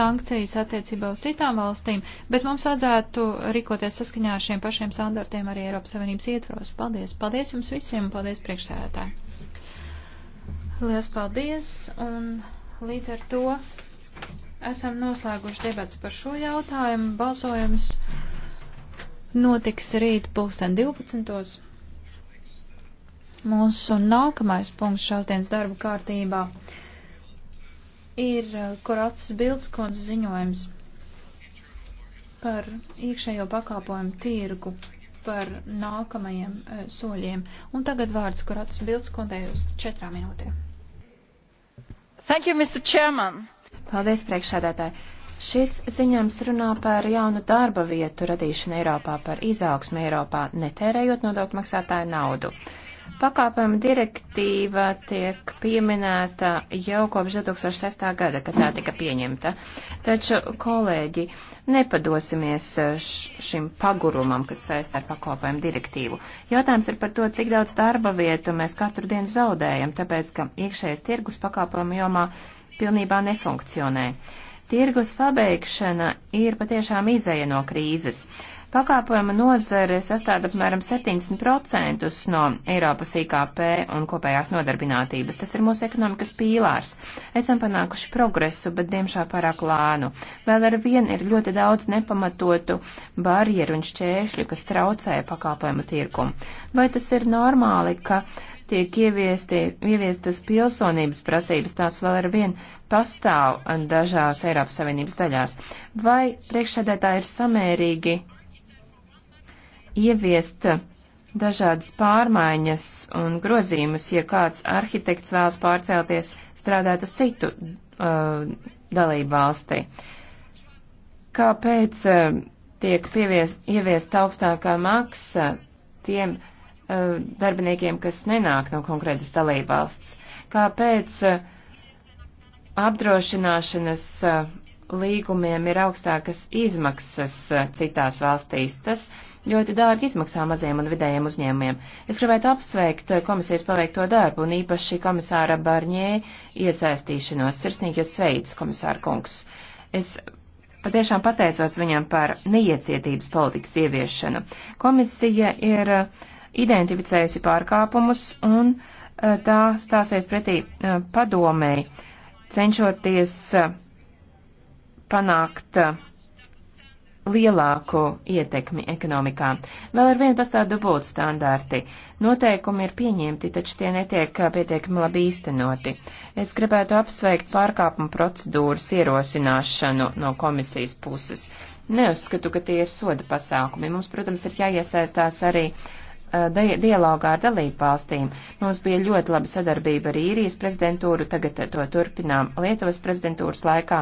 sankcijas attiecībā uz citām valstīm, bet mums vajadzētu rīkoties saskaņā ar šiem pašiem standartiem arī Eiropas Savienības ietvaros. Paldies! Paldies jums visiem un paldies priekšsēdētāji! Lielas paldies! Un līdz ar to esam noslēguši debats par šo jautājumu. Balsojums notiks rīt pulksten 12. Mūsu nākamais punkts šās dienas darba kārtībā ir eh, Korats Bildskons ziņojums par iekšējo pakāpojumu tirgu, par nākamajiem e, soļiem. Un tagad vārds Korats Bildskondē uz četrām minūtēm. Thank you, Mr. Chairman. Paldies, priekšsēdētāji. Šis ziņojums runā par jaunu darba vietu radīšanu Eiropā, par izaugsmu Eiropā, netērējot nodokļu maksātāju naudu. Uh, Pakāpojuma direktīva tiek pieminēta jau kopš 2006. gada, kad tā tika pieņemta. Taču, kolēģi, nepadosimies šim pagurumam, kas saistā ar pakāpojumu direktīvu. Jautājums ir par to, cik daudz darba vietu mēs katru dienu zaudējam, tāpēc, ka iekšējais tirgus pakāpojumu jomā pilnībā nefunkcionē. Tirgus pabeigšana ir patiešām izēja no krīzes. Pakāpojuma nozare sastāda apmēram 70% no Eiropas IKP un kopējās nodarbinātības. Tas ir mūsu ekonomikas pīlārs. Esam panākuši progresu, bet diemžēl pārāk lānu. Vēl ar vienu ir ļoti daudz nepamatotu barjeru un šķēršļu, kas traucē pakāpojuma tirkumu. Vai tas ir normāli, ka tiek ieviesti, ieviestas pilsonības prasības, tās vēl ar vienu pastāv dažās Eiropas Savienības daļās? Vai priekšsēdētāji ir samērīgi ieviest dažādas pārmaiņas un grozījumus, ja kāds arhitekts vēlas pārcelties strādāt uz citu uh, dalību valsti. Kāpēc uh, tiek pievies, ieviest augstākā maksa tiem uh, darbiniekiem, kas nenāk no konkrētas dalību valsts? Kāpēc uh, apdrošināšanas uh, līgumiem ir augstākas izmaksas uh, citās valstīs? Tas uh, ļoti dārgi izmaksā maziem un vidējiem uzņēmumiem. Es gribētu apsveikt eh, komisijas paveikto darbu un īpaši komisāra Barņē iesaistīšanos. Sirsnīgi es sveicu, komisāra kungs. Es patiešām pateicos viņam par neiecietības politikas ieviešanu. Komisija ir eh, identificējusi pārkāpumus un eh, tā stāsies pretī padomēji, cenšoties panākt lielāku ietekmi ekonomikā. Vēl ar vienu pastāv dubult standārti. Noteikumi ir pieņemti, taču tie netiek pietiekami labi īstenoti. Es gribētu apsveikt pārkāpumu procedūras ierosināšanu no komisijas puses. Neuzskatu, ka tie ir soda pasākumi. Mums, protams, ir jāiesaistās arī uh, Eh, dialogā ar dalību valstīm. Mums bija ļoti laba sadarbība ar īrijas prezidentūru, tagad to turpinām Lietuvas prezidentūras laikā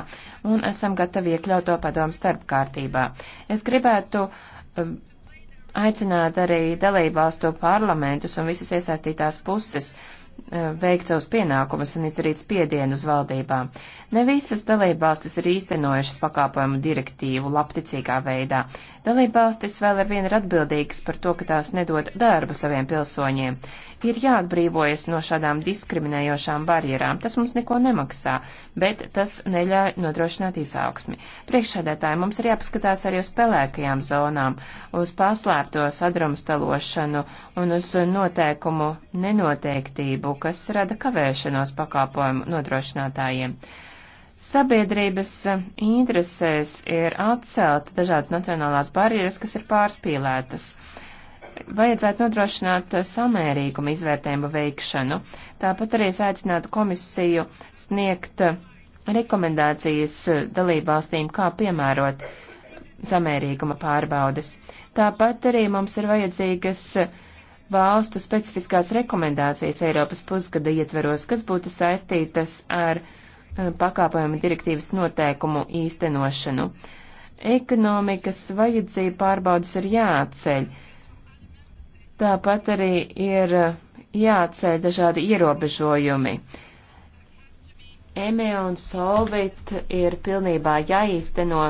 un esam gatavi iekļaut to padomu starp kārtībā. Es gribētu eh, aicināt arī dalību valstu parlamentus un visas iesaistītās puses Eh, veikt savus pienākumus un izdarīt spiedienu uz valdībām. Ne visas dalībvalstis ir īstenojušas pakāpojumu direktīvu labticīgā veidā. Dalībvalstis vēl ar vienu ir atbildīgas par to, ka tās nedod darbu saviem pilsoņiem. Ir jāatbrīvojas no šādām diskriminējošām barjerām. Tas mums neko nemaksā, bet tas neļauj nodrošināt izaugsmi. Priekšsēdētāji mums ir jāpaskatās arī uz pelēkajām zonām, uz paslēpto sadrumstalošanu un uz noteikumu nenoteiktību tīrību, kas rada kavēšanos pakāpojumu nodrošinātājiem. Sabiedrības interesēs ir atcelt dažādas nacionālās barjeras, kas ir pārspīlētas. Vajadzētu nodrošināt samērīgumu izvērtējumu veikšanu, tāpat arī es aicinātu komisiju sniegt rekomendācijas dalībvalstīm, kā piemērot samērīguma pārbaudes. Tāpat arī mums ir vajadzīgas uh, valstu specifiskās rekomendācijas Eiropas pusgada ietveros, kas būtu saistītas ar eh, pakāpojumu direktīvas noteikumu īstenošanu. Ekonomikas vajadzība pārbaudas ir jāatceļ. Tāpat arī ir eh, jāatceļ dažādi ierobežojumi. EME un Solvit ir pilnībā jāīsteno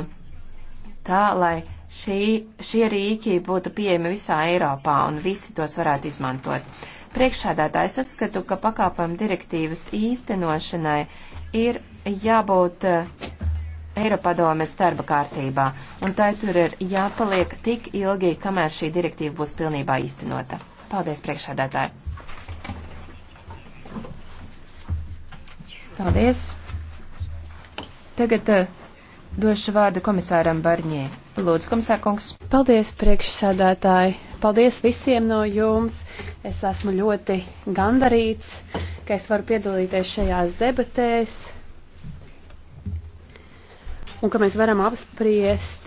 tā, lai šī, šie rīki būtu pieejami visā Eiropā un visi tos varētu izmantot. Priekšsēdētājs uzskatu, ka pakāpam direktīvas īstenošanai ir jābūt eh, Eiropadomes darba kārtībā, un tai tur ir jāpaliek tik ilgi, kamēr šī direktīva būs pilnībā īstenota. Paldies, priekšsēdētāji! Paldies! Tagad eh, došu vārdu komisāram Barņē. Lūdzu, komisārkungs. Paldies, priekšsādātāji. Paldies visiem no jums. Es esmu ļoti gandarīts, ka es varu piedalīties šajās debatēs un ka mēs varam apspriest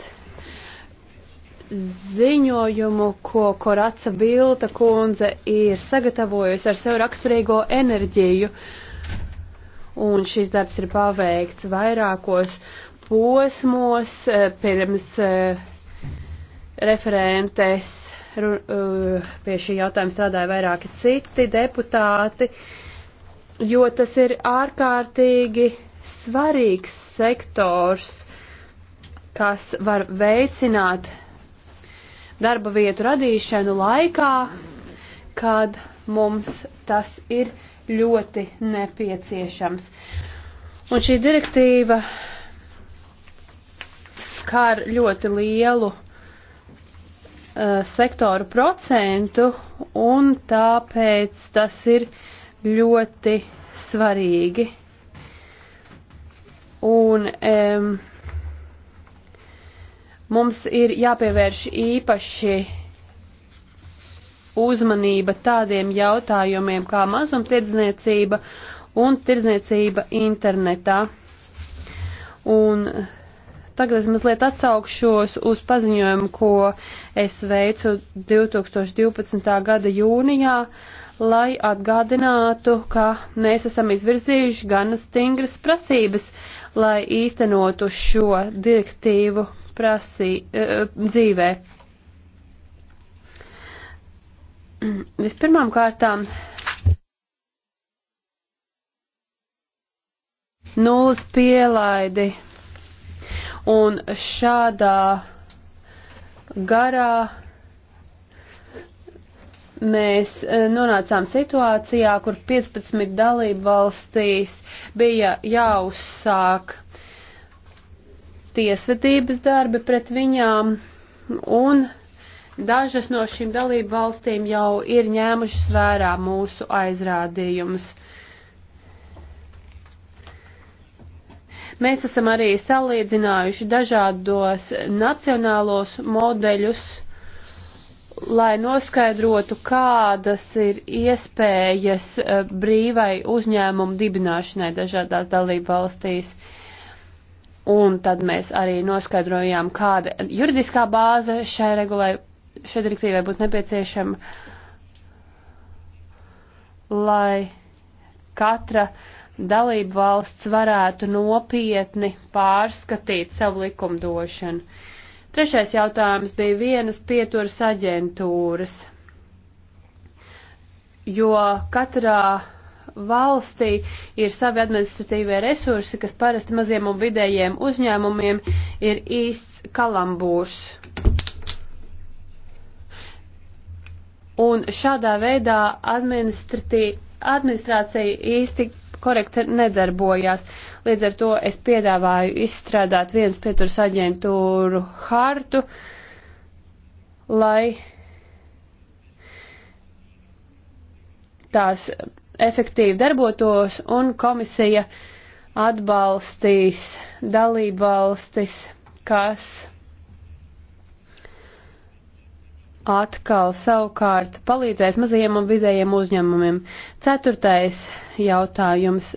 ziņojumu, ko Koraca Bilta kundze ir sagatavojusi ar sev raksturīgo enerģiju. Un šis darbs ir paveikts vairākos posmos eh, pirms eh, referentes eh, pie šī jautājuma strādāja vairāki citi deputāti, jo tas ir ārkārtīgi svarīgs sektors, kas var veicināt darba vietu radīšanu laikā, kad mums tas ir ļoti nepieciešams. Un šī direktīva skar ļoti lielu uh, sektoru procentu, un tāpēc tas ir ļoti svarīgi. Un um, mums ir jāpievērš īpaši uzmanība tādiem jautājumiem kā mazumtirdzniecība un tirdzniecība internetā. Un Tagad es mazliet atsaukšos uz paziņojumu, ko es veicu 2012. gada jūnijā, lai atgādinātu, ka mēs esam izvirzījuši gan stingras prasības, lai īstenotu šo direktīvu prasī, e, dzīvē. Vispirmām kārtām nulles pielaidi Un šādā garā mēs e, nonācām situācijā, kur 15 dalību valstīs bija jāuzsāk tiesvedības darbi pret viņām, un dažas no šīm dalību valstīm jau ir ņēmušas vērā mūsu aizrādījumus. Mēs esam arī salīdzinājuši dažādos nacionālos modeļus, lai noskaidrotu, kādas ir iespējas eh, brīvai uzņēmumu dibināšanai dažādās dalību valstīs. Un tad mēs arī noskaidrojām, kāda juridiskā bāze šai regulai, šai direktīvai būtu nepieciešama, lai katra uh, dalību valsts varētu nopietni pārskatīt savu likumdošanu. Trešais jautājums bija vienas pieturas aģentūras, jo katrā valstī ir savi administratīvie resursi, kas parasti maziem un vidējiem uzņēmumiem ir īsts kalambūrs. Un šādā veidā administratīvi administrācija īsti korekti nedarbojās. Līdz ar to es piedāvāju izstrādāt viens pieturas aģentūru hartu, lai tās efektīvi darbotos un komisija atbalstīs dalībvalstis, kas atkal savukārt palīdzēs mazajiem un vidējiem uzņēmumiem. Ceturtais jautājums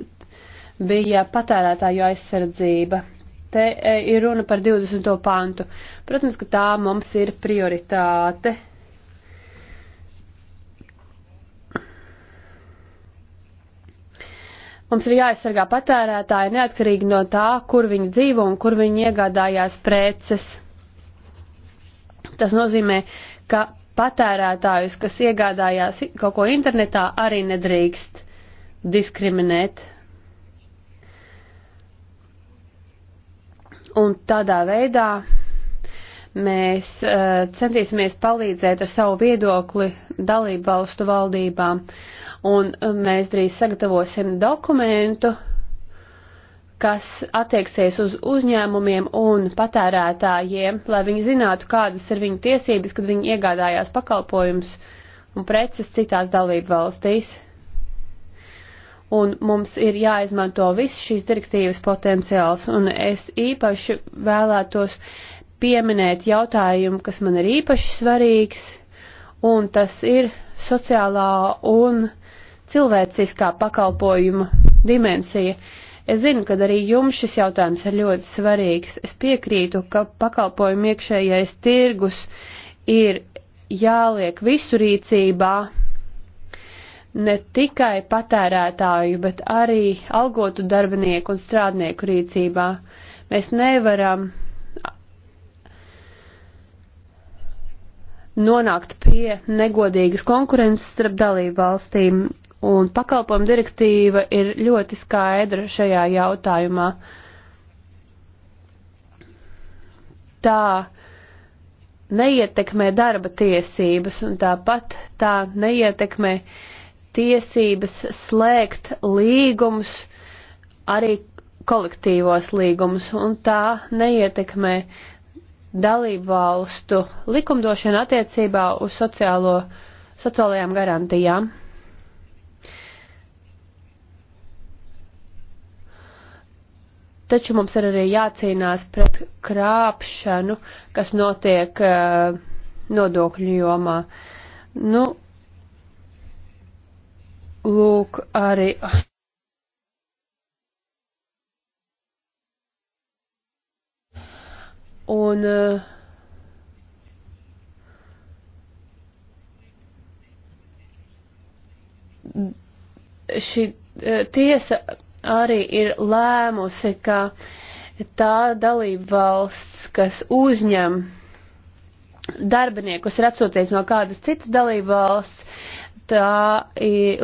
bija patērētāju aizsardzība. Te e, ir runa par 20. pantu. Protams, ka tā mums ir prioritāte. Mums ir jāaizsargā patērētāji neatkarīgi no tā, kur viņi dzīvo un kur viņi iegādājās preces. Tas nozīmē, ka patērētājus, kas iegādājās kaut ko internetā, arī nedrīkst diskriminēt. Un tādā veidā mēs uh, centīsimies palīdzēt ar savu viedokli dalību valstu valdībām. Un eh, mēs drīz sagatavosim dokumentu, uh, kas attieksies uz uzņēmumiem un patērētājiem, lai viņi zinātu, kādas ir viņu tiesības, kad viņi iegādājās pakalpojumus un preces citās dalību valstīs. Un mums ir jāizmanto viss šīs direktīvas potenciāls, un es īpaši vēlētos pieminēt jautājumu, kas man ir īpaši svarīgs, un tas ir sociālā un cilvēciskā pakalpojuma dimensija. Uh, Es zinu, ka arī jums šis jautājums ir ļoti svarīgs. Es piekrītu, ka pakalpojumu iekšējais tirgus ir jāliek visu rīcībā, ne tikai patērētāju, bet arī algotu darbinieku un strādnieku rīcībā. Mēs nevaram nonākt pie negodīgas konkurences starp dalību valstīm un pakalpojumu direktīva ir ļoti skaidra šajā jautājumā. Tā neietekmē darba tiesības, un tāpat tā neietekmē tiesības slēgt līgumus, arī kolektīvos līgumus, un tā neietekmē dalību valstu likumdošanu attiecībā uz sociālo, sociālajām garantijām. Taču mums ir arī jācīnās pret krāpšanu, kas notiek uh, nodokļu jomā. Nu, lūk, arī. Un uh, šī eh, tiesa arī ir lēmusi, ka tā dalība valsts, kas uzņem darbiniekus racoties no kādas citas dalība valsts, tā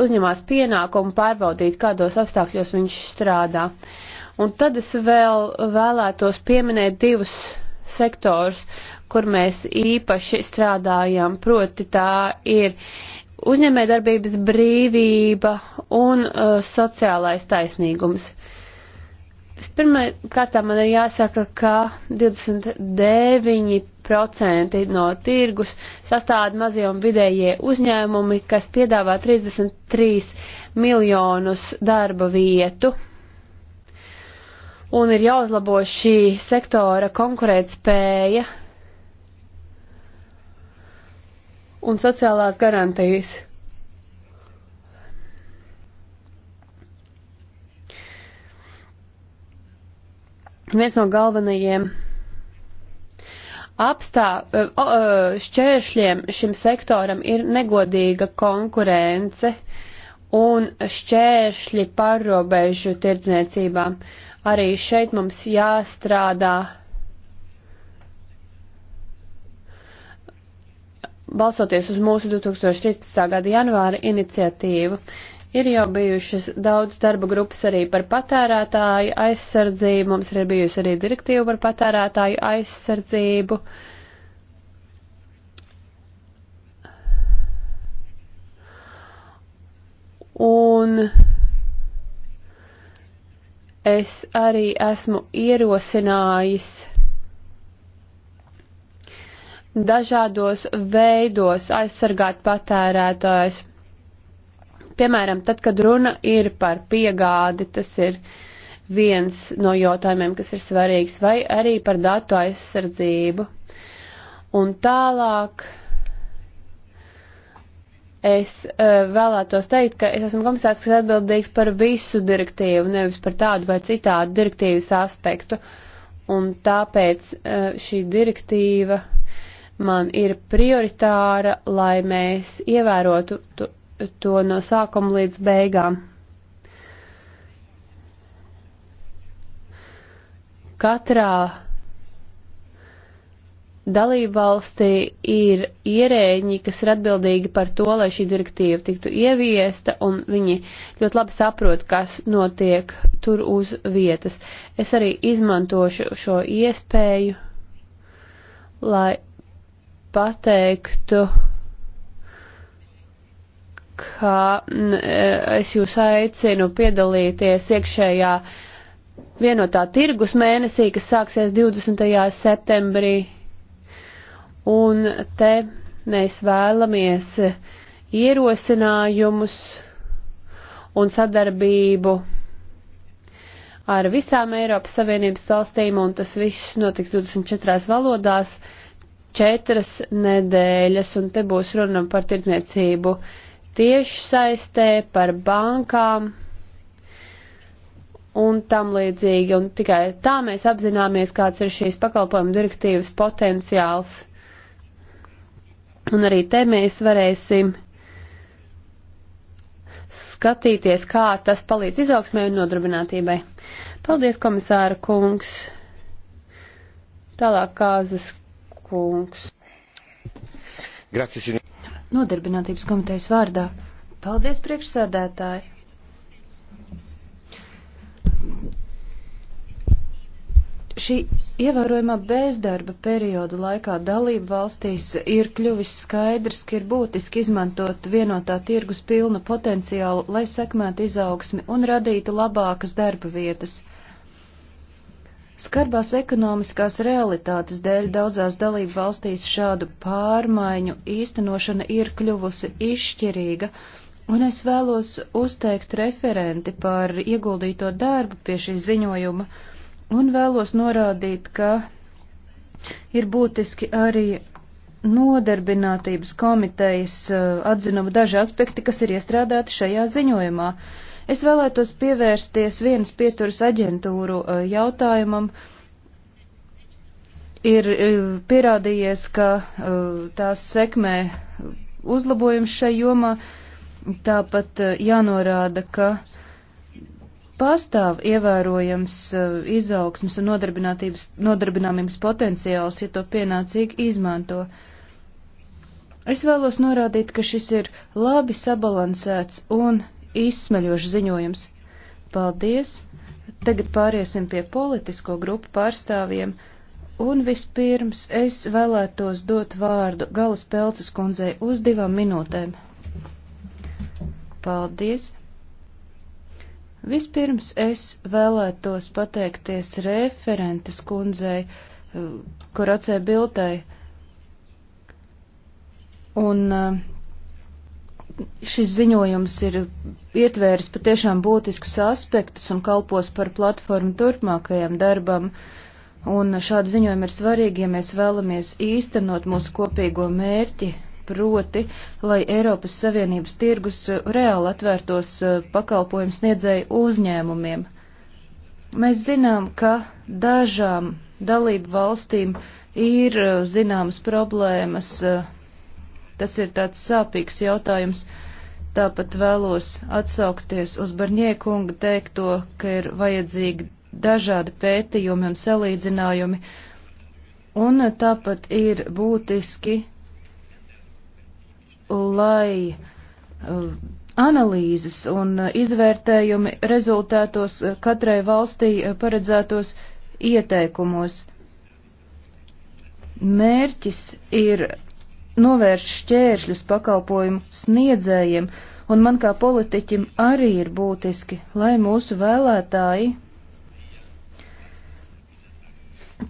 uzņemās pienākumu pārbaudīt, kādos apstākļos viņš strādā. Un tad es vēl vēlētos pieminēt divus sektors, kur mēs īpaši strādājam, proti tā ir uh, uzņēmējdarbības brīvība un uh, sociālais taisnīgums. Pirmajā kārtā man ir jāsaka, ka 29% no tirgus sastāda mazie un vidējie uzņēmumi, kas piedāvā 33 miljonus darba vietu. Un ir jāuzlabo šī sektora konkurētspēja, un sociālās garantijas. Viens no galvenajiem apstā, šķēršļiem šim sektoram ir negodīga konkurence un šķēršļi pārrobežu tirdzniecībā. Arī šeit mums jāstrādā balsoties uz mūsu 2013. gada janvāra iniciatīvu, ir jau bijušas daudz darba grupas arī par patērētāju aizsardzību, mums ir bijusi arī direktīva par patērētāju aizsardzību. Un es arī esmu ierosinājis dažādos veidos aizsargāt patērētājs. Piemēram, tad, kad runa ir par piegādi, tas ir viens no jautājumiem, kas ir svarīgs, vai arī par datu aizsardzību. Un tālāk es uh, vēlētos teikt, ka es esmu komisārs, kas atbildīgs par visu direktīvu, nevis par tādu vai citādu direktīvas aspektu. Un tāpēc uh, šī direktīva man ir prioritāra, lai mēs ievērotu to, to no sākuma līdz beigām. Katrā dalībvalstī ir ierēģi, kas ir atbildīgi par to, lai šī direktīva tiktu ieviesta, un viņi ļoti labi saprot, kas notiek tur uz vietas. Es arī izmantošu šo iespēju, lai pateiktu, ka e, es jūs aicinu piedalīties iekšējā vienotā tirgus mēnesī, kas sāksies 20. septembrī. Un te mēs vēlamies ierosinājumus un sadarbību ar visām Eiropas Savienības valstīm, un tas viss notiks 24 valodās četras nedēļas, un te būs runa par tirdzniecību tieši saistē, par bankām un tam līdzīgi. Un tikai tā mēs apzināmies, kāds ir šīs pakalpojumu direktīvas potenciāls. Un arī te mēs varēsim skatīties, kā tas palīdz izaugsmē un nodarbinātībai. Paldies, komisāra kungs! Tālāk kāzas kungs. Grazie, Nodarbinātības komitejas vārdā. Paldies, priekšsēdētāji! Šī ievērojamā bezdarba perioda laikā dalību valstīs ir kļuvis skaidrs, ka ir būtiski izmantot vienotā tirgus pilnu potenciālu, lai sekmētu izaugsmi un radītu labākas darba vietas. Skarbās ekonomiskās realitātes dēļ daudzās dalību valstīs šādu pārmaiņu īstenošana ir kļuvusi izšķirīga, un es vēlos uzteikt referenti par ieguldīto darbu pie šī ziņojuma, un vēlos norādīt, ka ir būtiski arī nodarbinātības komitejas eh, atzinuma daži aspekti, kas ir iestrādāti šajā ziņojumā. Uh, Es vēlētos pievērsties vienas pieturas aģentūru uh, jautājumam. Ir uh, pierādījies, ka uh, tās sekmē uzlabojums šai jomā, tāpat jānorāda, ka pastāv ievērojams izaugsmas un nodarbināmības potenciāls, ja to pienācīgi izmanto. Es vēlos norādīt, ka šis ir labi sabalansēts un izsmeļošs ziņojums. Paldies! Tagad pāriesim pie politisko grupu pārstāvjiem, un vispirms es vēlētos dot vārdu Galas Pelces kundzei uz divām minūtēm. Paldies! Vispirms es vēlētos pateikties referentes kundzei, eh, kuracē Biltai, un uh, šis ziņojums ir ietvēris patiešām būtiskus aspektus un kalpos par platformu turpmākajam darbam. Un šādi ziņojumi ir svarīgi, ja mēs vēlamies īstenot mūsu kopīgo mērķi, proti, lai Eiropas Savienības tirgus reāli atvērtos e, pakalpojumu sniedzēju uzņēmumiem. Mēs zinām, ka dažām dalību valstīm ir e, zināmas problēmas uh, Tas ir tāds sāpīgs jautājums. Tāpat vēlos atsaukties uz Barņiekunga teikto, ka ir vajadzīgi dažādi pētījumi un salīdzinājumi, un tāpat ir būtiski, lai uh, analīzes un uh, izvērtējumi rezultētos uh, katrai valstī paredzētos ieteikumos. Mērķis ir novērš šķēršļus pakalpojumu sniedzējiem, un man kā politiķim arī ir būtiski, lai mūsu vēlētāji,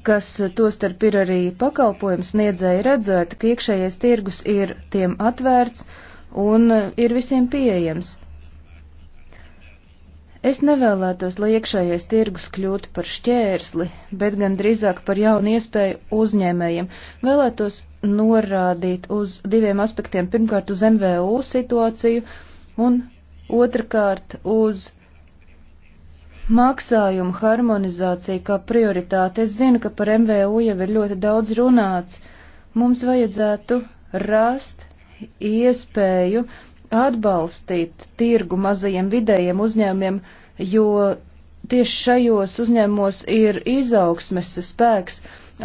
kas tostarp ir arī pakalpojumu sniedzēji, redzētu, ka iekšējais tirgus ir tiem atvērts un ir visiem pieejams. Es nevēlētos, lai iekšējais tirgus kļūtu par šķērsli, bet gan drīzāk par jaunu iespēju uzņēmējiem. Vēlētos norādīt uz diviem aspektiem. Pirmkārt, uz MVU situāciju un otrkārt uz maksājumu harmonizāciju kā prioritāti. Es zinu, ka par MVU jau ir ļoti daudz runāts. Mums vajadzētu rast iespēju atbalstīt tirgu mazajiem vidējiem uzņēmumiem, jo tieši šajos uzņēmumos ir izaugsmes spēks.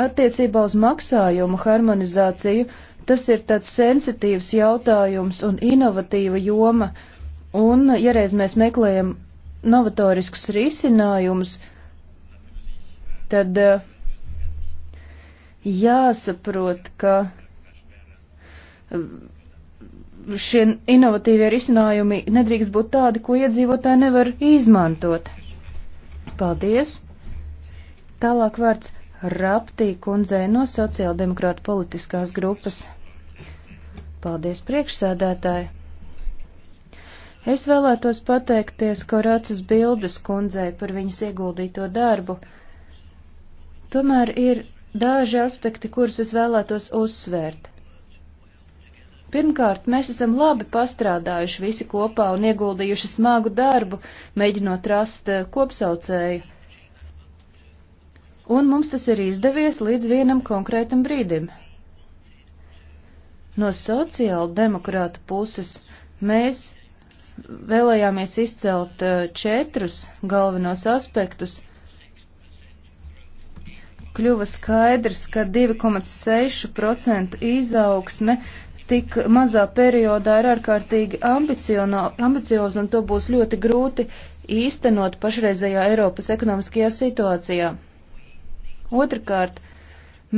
Attiecībā uz maksājumu harmonizāciju tas ir tāds sensitīvs jautājums un inovatīva joma, un ja reiz mēs meklējam novatoriskus risinājumus, tad eh, jāsaprot, ka šie inovatīvie risinājumi nedrīkst būt tādi, ko iedzīvotāji nevar izmantot. Paldies! Tālāk vārds Raptī kundzei no sociāldemokrāta politiskās grupas. Paldies, priekšsēdētāji! Es vēlētos pateikties Korācas bildes kundzei par viņas ieguldīto darbu. Tomēr ir daži aspekti, kurus es vēlētos uzsvērt. Pirmkārt, mēs esam labi pastrādājuši visi kopā un ieguldījuši smagu darbu, mēģinot rast eh, kopsaucēju. Un mums tas ir izdevies līdz vienam konkrētam brīdim. No sociāla demokrāta puses mēs vēlējāmies izcelt eh, četrus galvenos aspektus. Kļuva skaidrs, ka 2,6% izaugsme tik mazā periodā ir ārkārtīgi ambicioza un to būs ļoti grūti īstenot pašreizējā Eiropas ekonomiskajā situācijā. Otrakārt,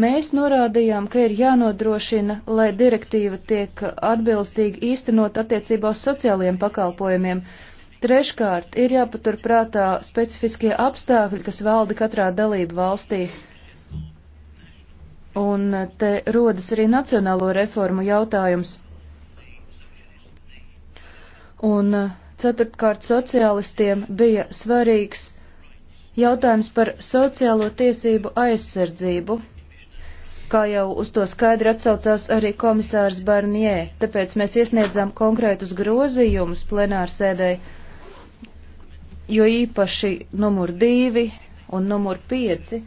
mēs norādījām, ka ir jānodrošina, lai direktīva tiek atbilstīgi īstenot attiecībā uz sociālajiem pakalpojumiem. Treškārt, ir jāpaturprātā specifiskie apstākļi, kas valda katrā dalību valstī Un te rodas arī nacionālo reformu jautājums. Un uh, ceturtkārt sociālistiem bija svarīgs jautājums par sociālo tiesību aizsardzību, kā jau uz to skaidri atsaucās arī komisārs Barnjē, tāpēc mēs iesniedzām konkrētus grozījumus plenārsēdē, jo īpaši numur divi un numur pieci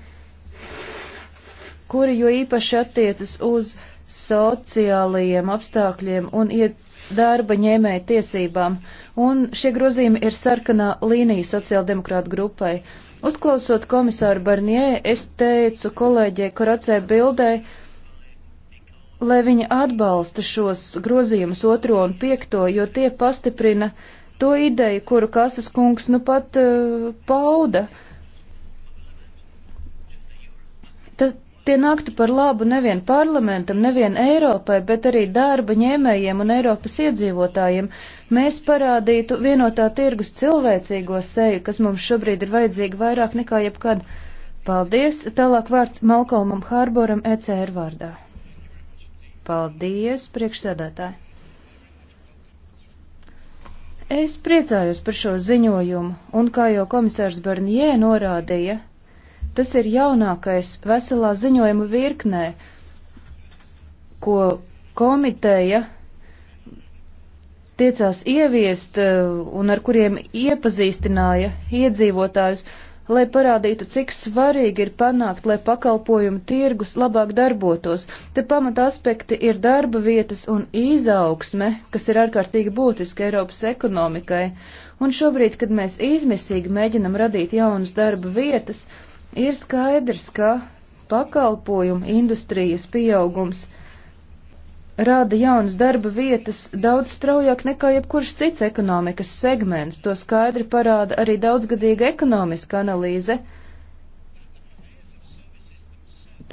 kuri jo īpaši attiecas uz sociālajiem apstākļiem un darba ņēmēja tiesībām, un šie grozījumi ir sarkanā līnija sociāldemokrāta grupai. Uzklausot komisāru Barnie, es teicu kolēģei Koracē bildē, lai viņa atbalsta šos grozījumus otro un piekto, jo tie pastiprina to ideju, kuru Kasas kungs nu pat uh, pauda. Uh, Tie naktu par labu nevien parlamentam, nevien Eiropai, bet arī darba ņēmējiem un Eiropas iedzīvotājiem. Mēs parādītu vienotā tirgus cilvēcīgo seju, kas mums šobrīd ir vajadzīga vairāk nekā jebkad. Paldies! Tālāk vārds Malkolmam Hārboram ECR vārdā. Paldies, priekšsēdētāji! Es priecājos par šo ziņojumu, un kā jau komisārs Barnjē norādīja, Tas ir jaunākais veselā ziņojuma virknē, ko komiteja tiecās ieviest eh, un ar kuriem iepazīstināja iedzīvotājus, lai parādītu, cik svarīgi ir panākt, lai pakalpojumu tirgus labāk darbotos. Te pamata aspekti ir darba vietas un izaugsme, kas ir ārkārtīgi būtiska Eiropas ekonomikai. Un šobrīd, kad mēs izmisīgi mēģinam radīt jaunas darba vietas, uh, Ir skaidrs, ka pakalpojumu industrijas pieaugums rada jaunas darba vietas daudz straujāk nekā jebkurš cits ekonomikas segments. To skaidri parāda arī daudzgadīga ekonomiska analīze.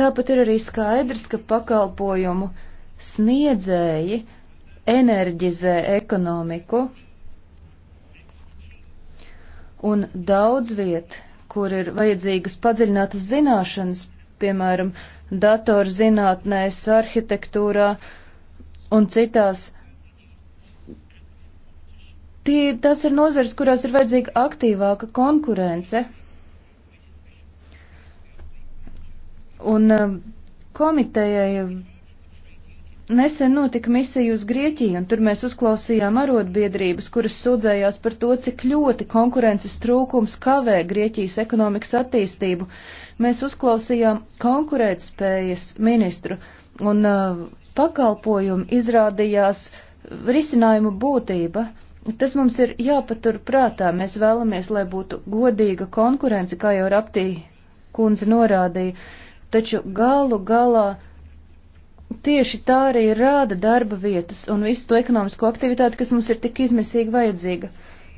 Tāpat ir arī skaidrs, ka pakalpojumu sniedzēji enerģizē ekonomiku un daudz viet kur ir vajadzīgas padziļinātas zināšanas, piemēram, datorzinātnēs, arhitektūrā un citās. Tie, tas ir nozars, kurās ir vajadzīga aktīvāka konkurence. Un um, komitejai Nesen notika misija uz Grieķiju, un tur mēs uzklausījām arotbiedrības, kuras sūdzējās par to, cik ļoti konkurences trūkums kavē Grieķijas ekonomikas attīstību. Mēs uzklausījām konkurētspējas ministru, un uh, pakalpojumu izrādījās risinājumu būtība. Tas mums ir jāpatur prātā. Mēs vēlamies, lai būtu godīga konkurence, kā jau Raptī kundze norādīja, taču galu galā Tieši tā arī rāda darba vietas un visu to ekonomisko aktivitāti, kas mums ir tik izmisīgi vajadzīga.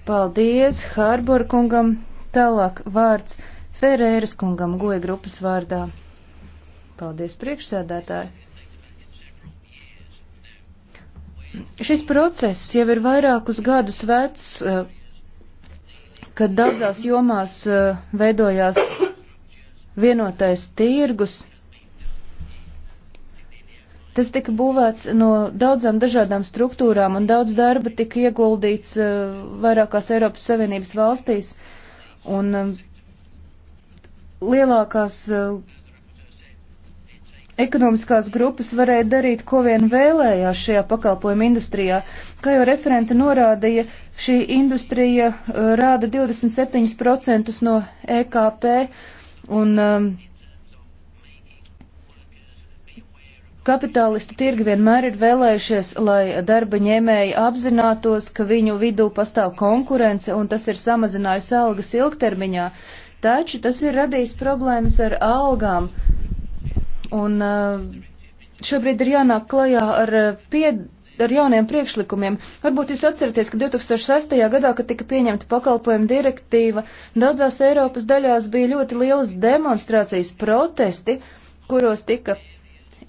Paldies Hārbor kungam, tālāk vārds Ferēras kungam goja grupas vārdā. Paldies priekšsēdētāji. Šis process jau ir vairākus gadus vecs, eh, kad daudzās jomās eh, veidojās vienotais tirgus Tas tika būvēts no daudzām dažādām struktūrām, un daudz darba tika ieguldīts eh, vairākās Eiropas Savienības valstīs. Un eh, lielākās eh, ekonomiskās grupas varēja darīt, ko vien vēlējās šajā pakalpojuma industrijā. Kā jau referente norādīja, šī industrija rāda 27% no EKP, un um, Kapitālistu tirgi vienmēr ir vēlējušies, lai darba ņēmēji apzinātos, ka viņu vidū pastāv konkurence un tas ir samazinājis algas ilgtermiņā, taču tas ir radījis problēmas ar algām. Un eh, šobrīd ir jānāk klajā ar, eh, pie, ar jauniem priekšlikumiem. Varbūt jūs atceraties, ka 2006. gadā, kad tika pieņemta pakalpojuma direktīva, daudzās Eiropas daļās bija ļoti lielas demonstrācijas protesti, kuros tika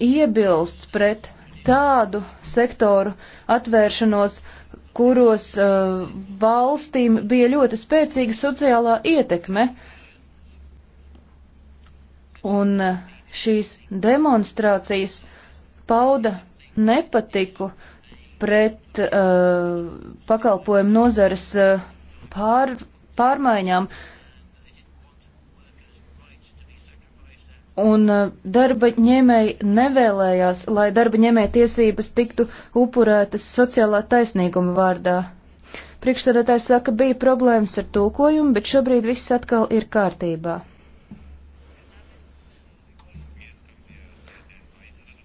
iebilsts pret tādu sektoru atvēršanos, kuros uh, valstīm bija ļoti spēcīga sociālā ietekme. Un uh, šīs demonstrācijas pauda nepatiku pret uh, pakalpojumu nozares uh, pār, pārmaiņām, uh, un uh, darba ņēmēji nevēlējās, lai darba ņēmēja tiesības tiktu upurētas sociālā taisnīguma vārdā. Priekšstādātājs saka, bija problēmas ar tulkojumu, bet šobrīd viss atkal ir kārtībā.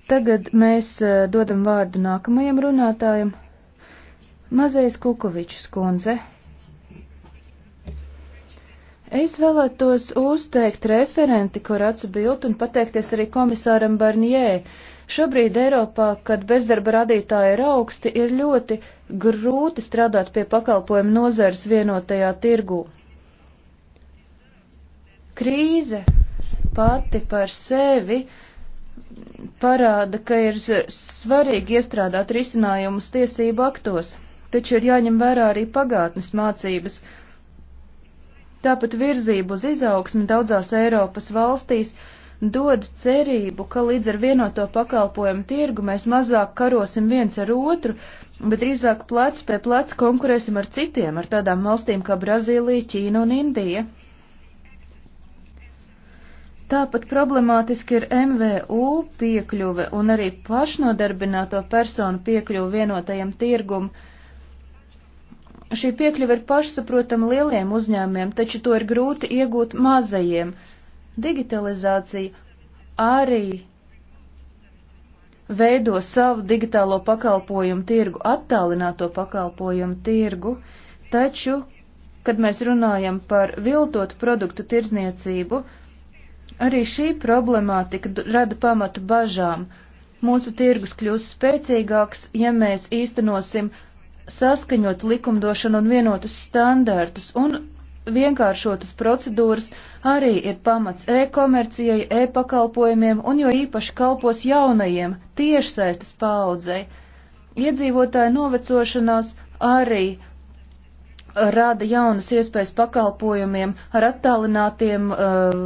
Tagad mēs uh, dodam vārdu nākamajam runātājam. Mazais Kukovičs kundze. Es vēlētos uzteikt referenti, kur atsebilt un pateikties arī komisāram Barnjē. Šobrīd Eiropā, kad bezdarba radītāji ir augsti, ir ļoti grūti strādāt pie pakalpojumu nozares vienotajā tirgū. Krīze pati par sevi parāda, ka ir svarīgi iestrādāt risinājumus tiesību aktos, taču ir jāņem vērā arī pagātnes mācības. Tāpat virzību uz izaugsmi daudzās Eiropas valstīs dod cerību, ka līdz ar vienoto pakalpojumu tirgu mēs mazāk karosim viens ar otru, bet drīzāk plec pie plec konkurēsim ar citiem, ar tādām valstīm kā Brazīlija, Ķīna un Indija. Tāpat problemātiski ir MVU piekļuve un arī pašnodarbināto personu piekļuve vienotajam tirgumam Šī piekļuva ir pašsaprotama lieliem uzņēmiem, taču to ir grūti iegūt mazajiem. Digitalizācija arī veido savu digitālo pakalpojumu tirgu, attālināto pakalpojumu tirgu, taču, kad mēs runājam par viltotu produktu tirzniecību, arī šī problemātika rada pamatu bažām. Mūsu tirgus kļūs spēcīgāks, ja mēs īstenosim saskaņot likumdošanu un vienotus standartus un vienkāršotas procedūras arī ir pamats e-komercijai, e-pakalpojumiem un jo īpaši kalpos jaunajiem tiešsaistes paudzei. Iedzīvotāja novecošanās arī rada jaunas iespējas pakalpojumiem ar attālinātiem uh,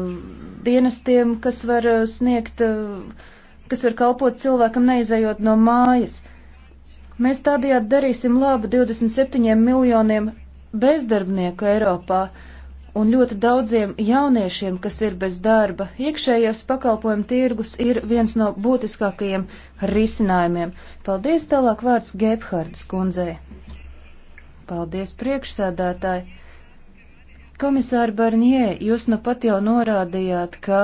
dienestiem, kas var uh, sniegt, uh, kas var kalpot cilvēkam neizējot no mājas. Uh, Mēs tādējādi darīsim labu 27 miljoniem bezdarbnieku Eiropā un ļoti daudziem jauniešiem, kas ir bez darba. Iekšējais pakalpojumu tirgus ir viens no būtiskākajiem risinājumiem. Paldies tālāk vārds Gebhards kundzei. Paldies priekšsēdētāji. Komisāri Barnie, jūs nu pat jau norādījāt, ka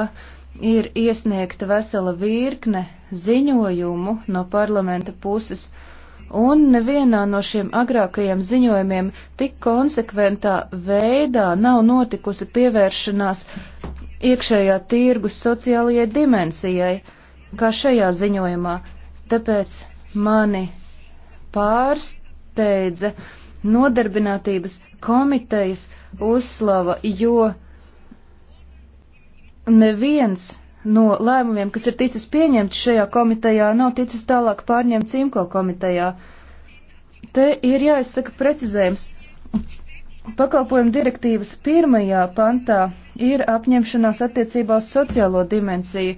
ir iesniegta vesela virkne ziņojumu no parlamenta puses un nevienā no šiem agrākajiem ziņojumiem tik konsekventā veidā nav notikusi pievēršanās iekšējā tirgus sociālajai dimensijai, kā šajā ziņojumā. Tāpēc mani pārsteidza nodarbinātības komitejas uzslava, jo neviens no lēmumiem, kas ir ticis pieņemts šajā komitejā, nav ticis tālāk pārņemts IMCO komitejā. Te ir jāizsaka precizējums. Pakalpojumu direktīvas pirmajā pantā ir apņemšanās attiecībā uz sociālo dimensiju.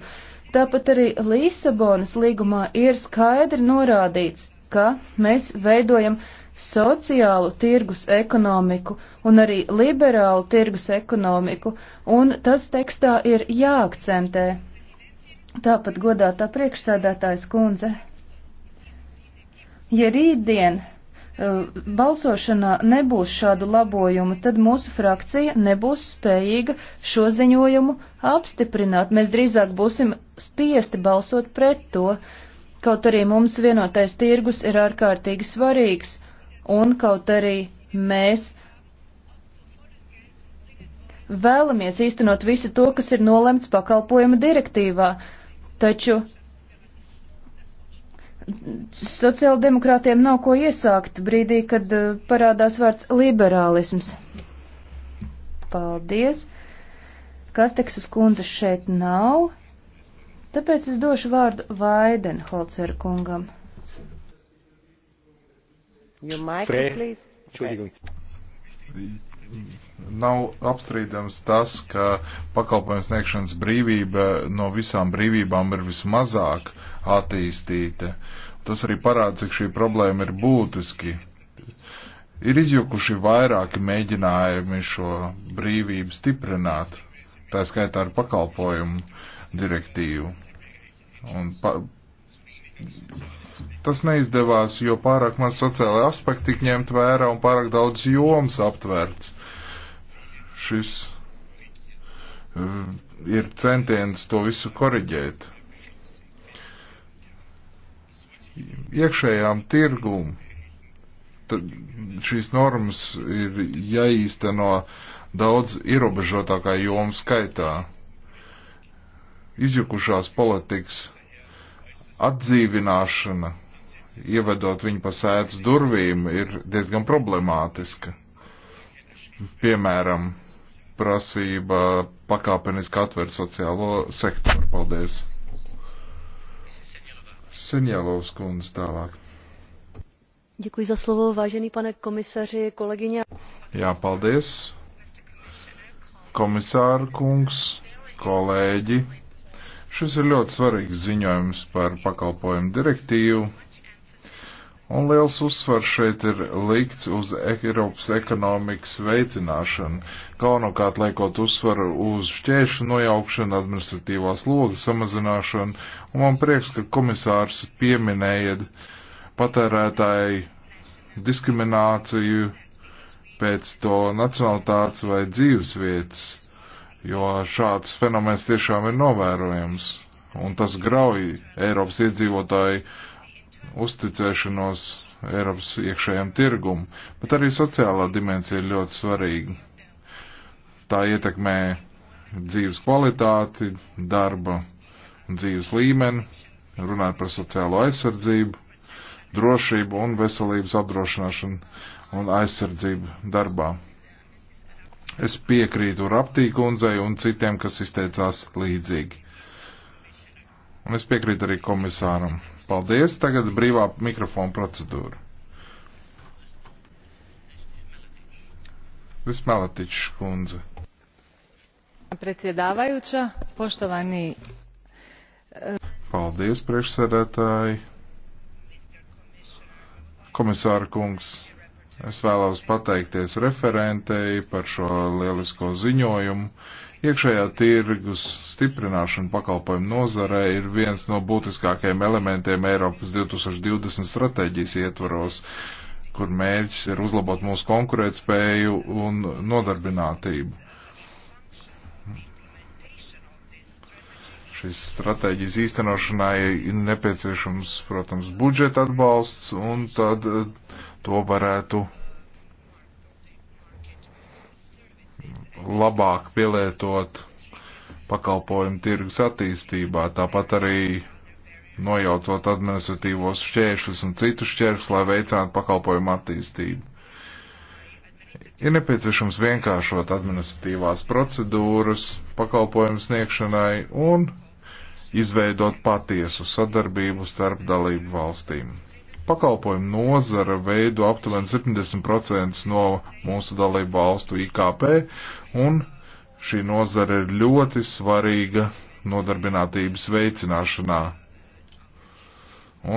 Tāpat arī Līsabonas līgumā ir skaidri norādīts, ka mēs veidojam uh, sociālu tirgus ekonomiku un arī liberālu tirgus ekonomiku, un tas tekstā ir jāakcentē. Tāpat godātā priekšsēdētājs kundze. Ja rītdien uh, balsošanā nebūs šādu labojumu, tad mūsu frakcija nebūs spējīga šo ziņojumu apstiprināt. Mēs drīzāk būsim spiesti balsot pret to, kaut arī mums vienotais tirgus ir ārkārtīgi svarīgs un kaut arī mēs vēlamies īstenot visu to, kas ir nolemts pakalpojuma direktīvā, taču sociāldemokrātiem nav ko iesākt brīdī, kad eh, parādās vārds liberālisms. Paldies. Kasteksas kundzes šeit nav, tāpēc es došu vārdu Vaidenholcer kungam. Michael, Nav apstrīdams tas, ka pakalpojums sniegšanas brīvība no visām brīvībām ir vismazāk attīstīta. Tas arī parāda, cik šī problēma ir būtiski. Ir izjukuši vairāki mēģinājumi šo brīvību stiprināt, tā skaitā ar pakalpojumu direktīvu. Un pa tas neizdevās, jo pārāk maz sociālai aspekti tik ņemt vērā un pārāk daudz joms aptvērts. Šis eh, ir centiens to visu koriģēt. Iekšējām tirgum šīs normas ir jāīsteno daudz ierobežotākā joma skaitā. Izjukušās politikas atdzīvināšana, ievedot viņu pa sēdz durvīm, ir diezgan problemātiska. Piemēram, prasība pakāpeniski atvērt sociālo sektoru. Paldies! Senjēlovs kundze tālāk. Děkuji za slovo, vážený pane komisaři, kolegyně. Jā, paldies. Komisāra kungs, kolēģi Šis ir ļoti svarīgs ziņojums par pakalpojumu direktīvu, un liels uzsvars šeit ir likts uz Eiropas ekonomikas veicināšanu, galvenokārt liekot uzsvaru uz šķēršu nojaukšanu, administratīvās logas samazināšanu, un man prieks, ka komisārs pieminējiet patērētāji diskrimināciju pēc to nacionalitātes vai dzīvesvietas jo šāds fenomens tiešām ir novērojams, un tas grauj Eiropas iedzīvotāju uzticēšanos Eiropas iekšējiem tirgum, bet arī sociālā dimensija ir ļoti svarīga. Tā ietekmē dzīves kvalitāti, darba un dzīves līmeni, runājot par sociālo aizsardzību, drošību un veselības apdrošināšanu un aizsardzību darbā. Es piekrītu Raptī kundzei un citiem, kas izteicās līdzīgi. Un es piekrītu arī komisāram. Paldies. Tagad brīvā mikrofona procedūra. Vismalatičs kundze. Predsjedavajuća, poštovani... Paldies, priekšsēdētāji. Komisāra kungs. Es vēlos pateikties referentei par šo lielisko ziņojumu. Iekšējā tirgus stiprināšana pakalpojumu nozarē ir viens no būtiskākajiem elementiem Eiropas 2020 stratēģijas ietvaros, kur mērķis ir uzlabot mūsu konkurētspēju un nodarbinātību. šīs stratēģijas īstenošanai ir nepieciešams, protams, budžeta atbalsts un tad to varētu labāk pielietot pakalpojumu tirgus attīstībā, tāpat arī nojaucot administratīvos šķēršļus un citus šķēršļus, lai veicinātu pakalpojumu attīstību. Ir nepieciešams vienkāršot administratīvās procedūras pakalpojumu sniegšanai un izveidot patiesu sadarbību starp dalību valstīm. Pakalpojumu nozara veido aptuveni 70% no mūsu dalību valstu IKP, un šī nozara ir ļoti svarīga nodarbinātības veicināšanā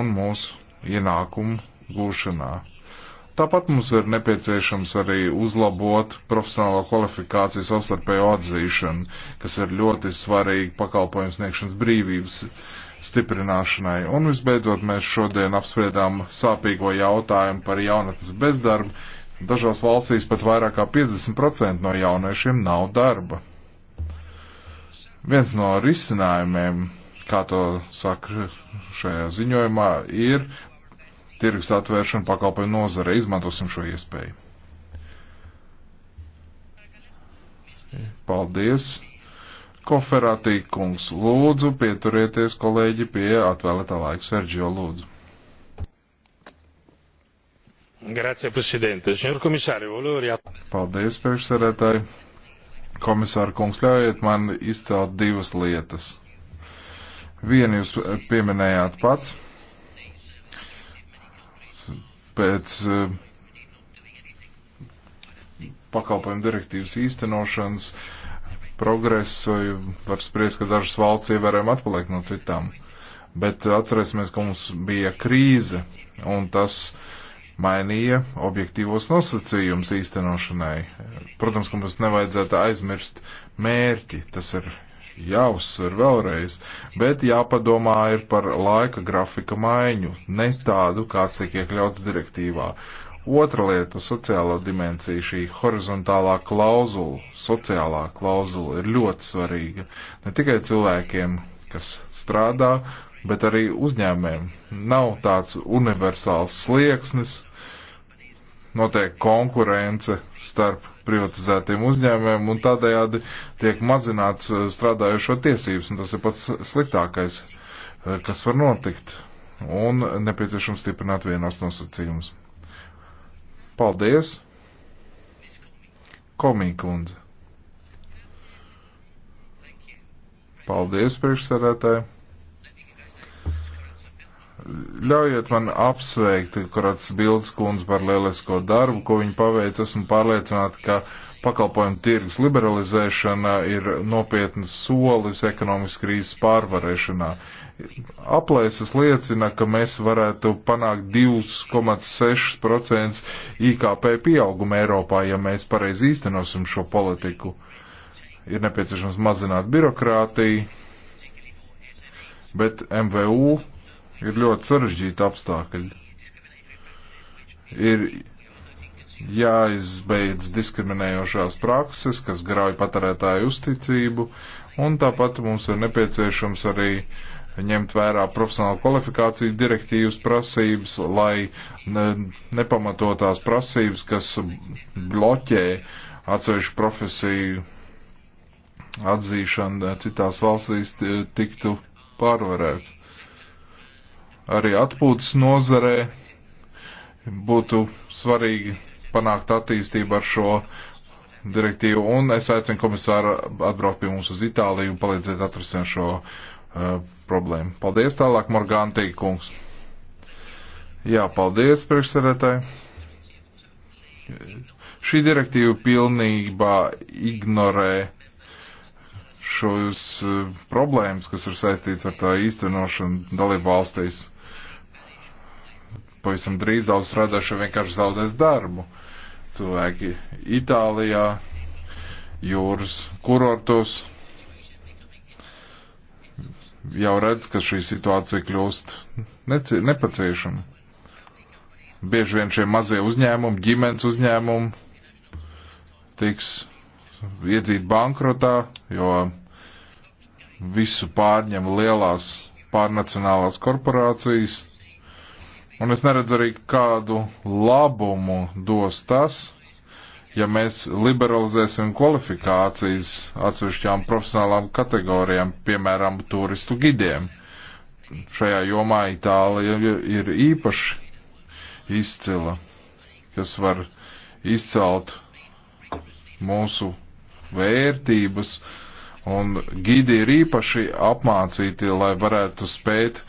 un mūsu ienākumu gūšanā. Tāpat mums ir nepieciešams arī uzlabot profesionālo kvalifikāciju savstarpēju atzīšanu, kas ir ļoti svarīgi pakalpojums sniegšanas brīvības stiprināšanai. Un visbeidzot, mēs šodien apspriedām sāpīgo jautājumu par jaunatnes bezdarbu. Dažās valstīs pat vairāk kā 50% no jauniešiem nav darba. Viens no risinājumiem, kā to saka šajā ziņojumā, ir tirgus atvēršana pakalpojumu nozare. Izmantosim šo iespēju. Paldies! Koferatī kungs, lūdzu, pieturieties, kolēģi, pie atvēlētā laika. Sergio, lūdzu. Grazie, prezidente. Signor komisāri, volevo riattīstīt. Paldies, priekšsarētāji. Komisāra kungs, ļaujiet man izcelt divas lietas. Vienu jūs pieminējāt pats pēc eh, pakalpojumu direktīvas īstenošanas uh, progresu, var spriest, ka dažas valsts ievērēm atpaliek no citām. Bet atcerēsimies, ka mums bija krīze, un tas mainīja objektīvos nosacījums īstenošanai. Protams, ka mums nevajadzētu aizmirst mērķi, tas ir jāuzsver vēlreiz, bet jāpadomā ir par laika grafika maiņu, ne tādu, kāds tiek iekļauts direktīvā. Otra lieta - sociālā dimensija, šī horizontālā klauzula, sociālā klauzula ir ļoti svarīga ne tikai cilvēkiem, kas strādā, bet arī uzņēmēm. Nav tāds universāls slieksnis, notiek konkurence starp privatizētiem uzņēmēm un tādējādi tiek mazināts eh, strādājošo tiesības, un tas ir pats sliktākais, eh, kas var notikt, un nepieciešams stiprināt vienos nosacījumus. Paldies! Komīkundze. Paldies, priekšsarētāji! Ļaujiet man apsveikt Korats Bildes kundzi par lielisko darbu, ko viņa paveic. Esmu pārliecināta, ka pakalpojumu tirgus liberalizēšana ir nopietns solis ekonomiskas krīzes pārvarēšanā. Aplēses liecina, ka mēs varētu panākt 2,6% IKP pieaugumu Eiropā, ja mēs pareizi īstenosim šo politiku. Ir nepieciešams mazināt birokrātiju, bet MVU ir ļoti sarežģīti apstākļi. Ir jāizbeidz diskriminējošās prakses, kas grauj patērētāju uzticību, un tāpat mums ir nepieciešams arī ņemt vērā profesionālu kvalifikāciju direktīvas prasības, lai ne, nepamatotās prasības, kas bloķē atsevišķu profesiju atzīšanu citās valstīs, tiktu pārvarēts. Arī atpūtas nozarē būtu svarīgi panākt attīstību ar šo direktīvu. Un es aicinu komisāru atbraukt pie mums uz Itāliju un palīdzēt atrisināt šo uh, problēmu. Paldies tālāk, Morgantī kungs. Jā, paldies priekšsarētāji. Šī direktīva pilnībā ignorē šos uh, problēmas, kas ir saistīts ar tā īstenošanu dalību valstīs pavisam drīz daudz strādājušie vienkārši zaudēs darbu. Cilvēki Itālijā, jūras kurortos jau redz, ka šī situācija kļūst nepaciešama. Bieži vien šie mazie uzņēmumi, ģimenes uzņēmumi tiks iedzīt bankrotā, jo visu pārņem lielās pārnacionālās korporācijas Un es neredzu arī kādu labumu dos tas, ja mēs liberalizēsim kvalifikācijas atsevišķām profesionālām kategorijām, piemēram, turistu gidiem. Šajā jomā Itālija ir īpaši izcila, kas var izcelt mūsu vērtības, un gidi ir īpaši apmācīti, lai varētu spēt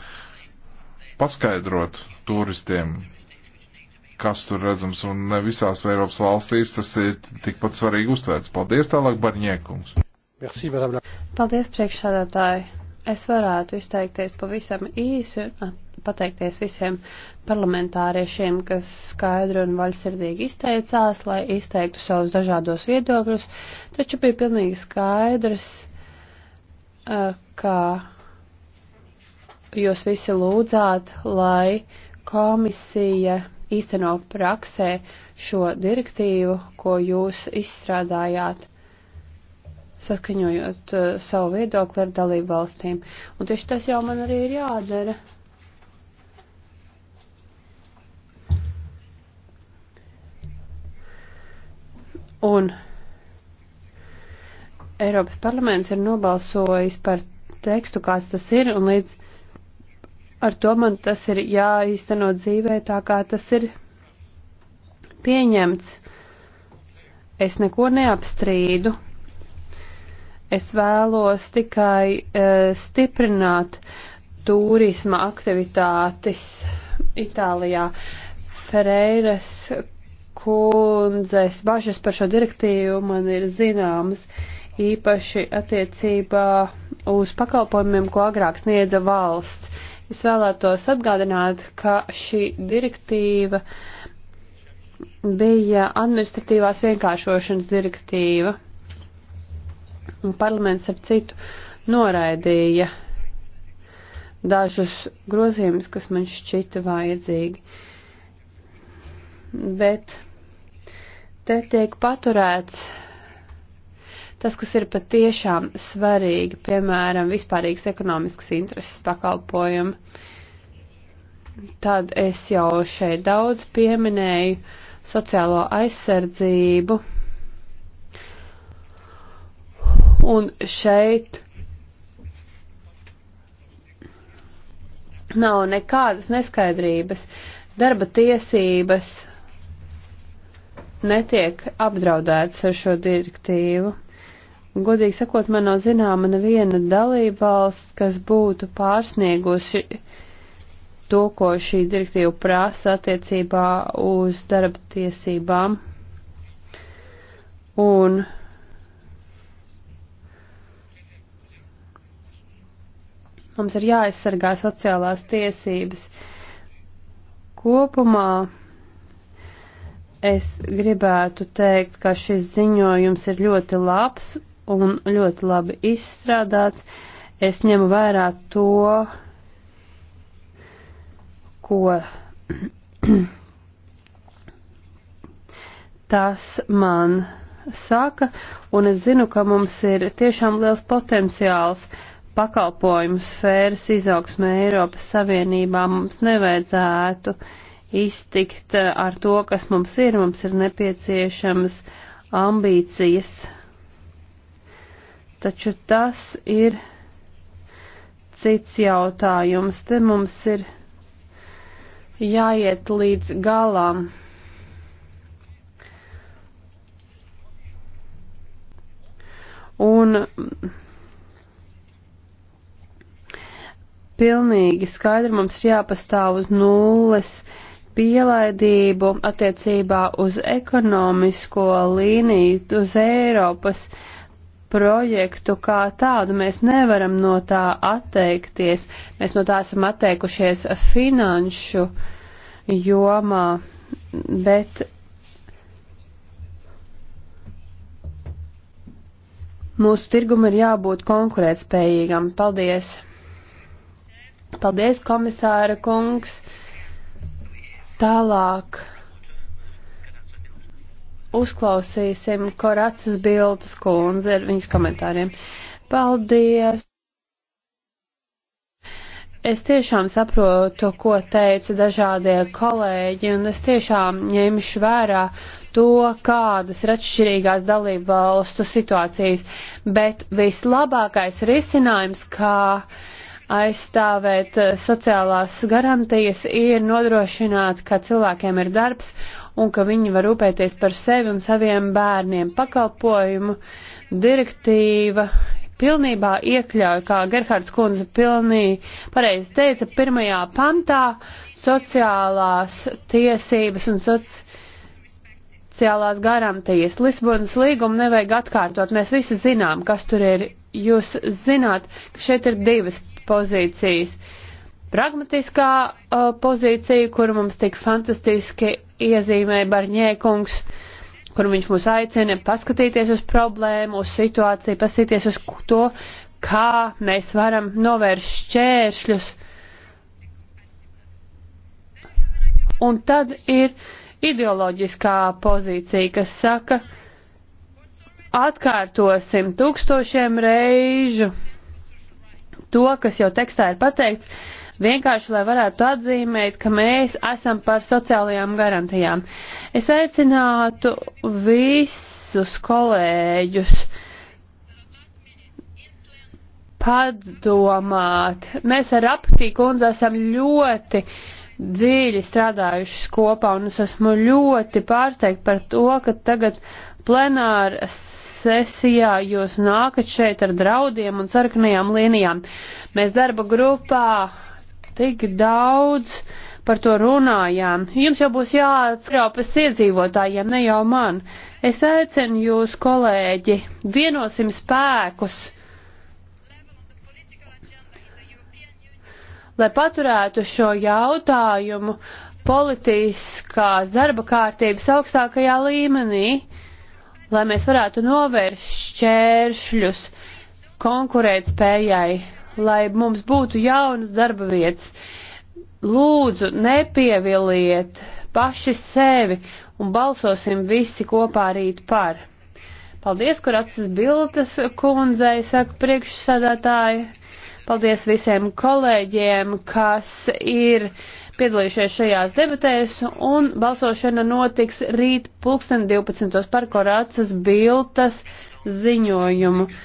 paskaidrot turistiem, kas tur redzams, un ne visās Eiropas valstīs tas ir tikpat svarīgi uztvērts. Paldies tālāk, Barņiekums. Paldies, priekšsādātāji. Es varētu izteikties pavisam īsi un pateikties visiem parlamentāriešiem, kas skaidri un vaļsirdīgi izteicās, lai izteiktu savus dažādos viedokļus, taču bija pilnīgi skaidrs, eh, ka jūs visi lūdzāt, lai uh, komisija īsteno praksē šo direktīvu, ko jūs izstrādājāt, saskaņojot uh, savu viedokli ar dalību valstīm. Un tieši tas jau man arī ir jādara. Un Eiropas parlaments ir nobalsojis par tekstu, kāds tas ir, un līdz ar to man tas ir jāīsteno dzīvē tā, kā tas ir pieņemts. Es neko neapstrīdu. Es vēlos tikai e, stiprināt turisma aktivitātes Itālijā. Ferreiras kundzes bažas par šo direktīvu man ir zināmas, īpaši attiecībā uz pakalpojumiem, ko agrāk sniedza valsts Es vēlētos atgādināt, ka šī direktīva bija administratīvās vienkāršošanas direktīva. Un parlaments ar citu noraidīja dažus grozījumus, kas man šķita vajadzīgi. Bet te tiek paturēts tas, kas ir patiešām svarīgi, piemēram, vispārīgas ekonomiskas intereses pakalpojumi. Tad es jau šeit daudz pieminēju sociālo aizsardzību. Un šeit nav nekādas neskaidrības. Darba tiesības netiek apdraudētas ar šo direktīvu. Un, godīgi sakot, man nav zināma neviena dalībvalsts, kas būtu pārsniegusi to, ko šī direktīva prasa attiecībā uz darba tiesībām. Un mums ir jāaizsargā sociālās tiesības. Kopumā es gribētu teikt, ka šis ziņojums ir ļoti labs un ļoti labi izstrādāts. Es ņemu vērā to, ko tas man saka, un es zinu, ka mums ir tiešām liels potenciāls pakalpojumu sfēras izaugsmē Eiropas Savienībā. Mums nevajadzētu iztikt ar to, kas mums ir. Mums ir nepieciešamas ambīcijas Taču tas ir cits jautājums. Te mums ir jāiet līdz galam. Un pilnīgi skaidri mums ir jāpastāv uz nulles pielaidību attiecībā uz ekonomisko līniju, uz Eiropas līniju projektu kā tādu mēs nevaram no tā atteikties. Mēs no tā esam atteikušies finanšu jomā, bet mūsu tirgum ir jābūt konkurētspējīgam. Paldies! Paldies, komisāra kungs! Tālāk uzklausīsim Koracas bildes kundzi ar viņas komentāriem. Paldies! Es tiešām saprotu, ko teica dažādie kolēģi, un es tiešām ņemšu vērā to, kādas ir atšķirīgās dalību valstu situācijas, bet vislabākais risinājums, kā aizstāvēt sociālās garantijas, ir nodrošināt, ka cilvēkiem ir darbs un ka viņi var rūpēties par sevi un saviem bērniem. Pakalpojumu direktīva pilnībā iekļauj, kā Gerhards kundze pilnīgi pareizi teica, pirmajā pantā sociālās tiesības un sociālās sociālās garantijas. Lisbonas līgumu nevajag atkārtot, mēs visi zinām, kas tur ir. Jūs zināt, ka šeit ir divas pozīcijas. Uh, pragmatiskā uh, pozīcija, kuru mums tik fantastiski iezīmē Barņēkungs, kur viņš mūs aicina paskatīties uz problēmu, uz situāciju, paskatīties uz to, kā mēs varam novērst šķēršļus. Un tad ir ideoloģiskā pozīcija, kas saka, atkārtosim tūkstošiem reižu to, kas jau tekstā ir pateikts, vienkārši, lai varētu atzīmēt, ka mēs esam par sociālajām garantijām. Es aicinātu visus kolēģus padomāt. Mēs ar aptīku un esam ļoti dziļi strādājuši kopā, un es esmu ļoti pārsteigta par to, ka tagad plenāra sesijā jūs nākat šeit ar draudiem un sarkanajām līnijām. Mēs darba grupā tik daudz par to runājām. Jums jau būs jāatskrāpas iedzīvotājiem, ne jau man. Es aicinu jūs, kolēģi, vienosim spēkus, lai paturētu šo jautājumu politiskās darba kārtības augstākajā līmenī, lai mēs varētu novērst šķēršļus konkurētspējai lai mums būtu jaunas darba vietas. Lūdzu, nepievilliet paši sevi un balsosim visi kopā rīt par. Paldies, kur atsas bildes kundzei, saka priekšsādātāji. Paldies visiem kolēģiem, kas ir piedalījušies šajās debatēs, un balsošana notiks rīt pulksten 12. par korācas biltas ziņojumu.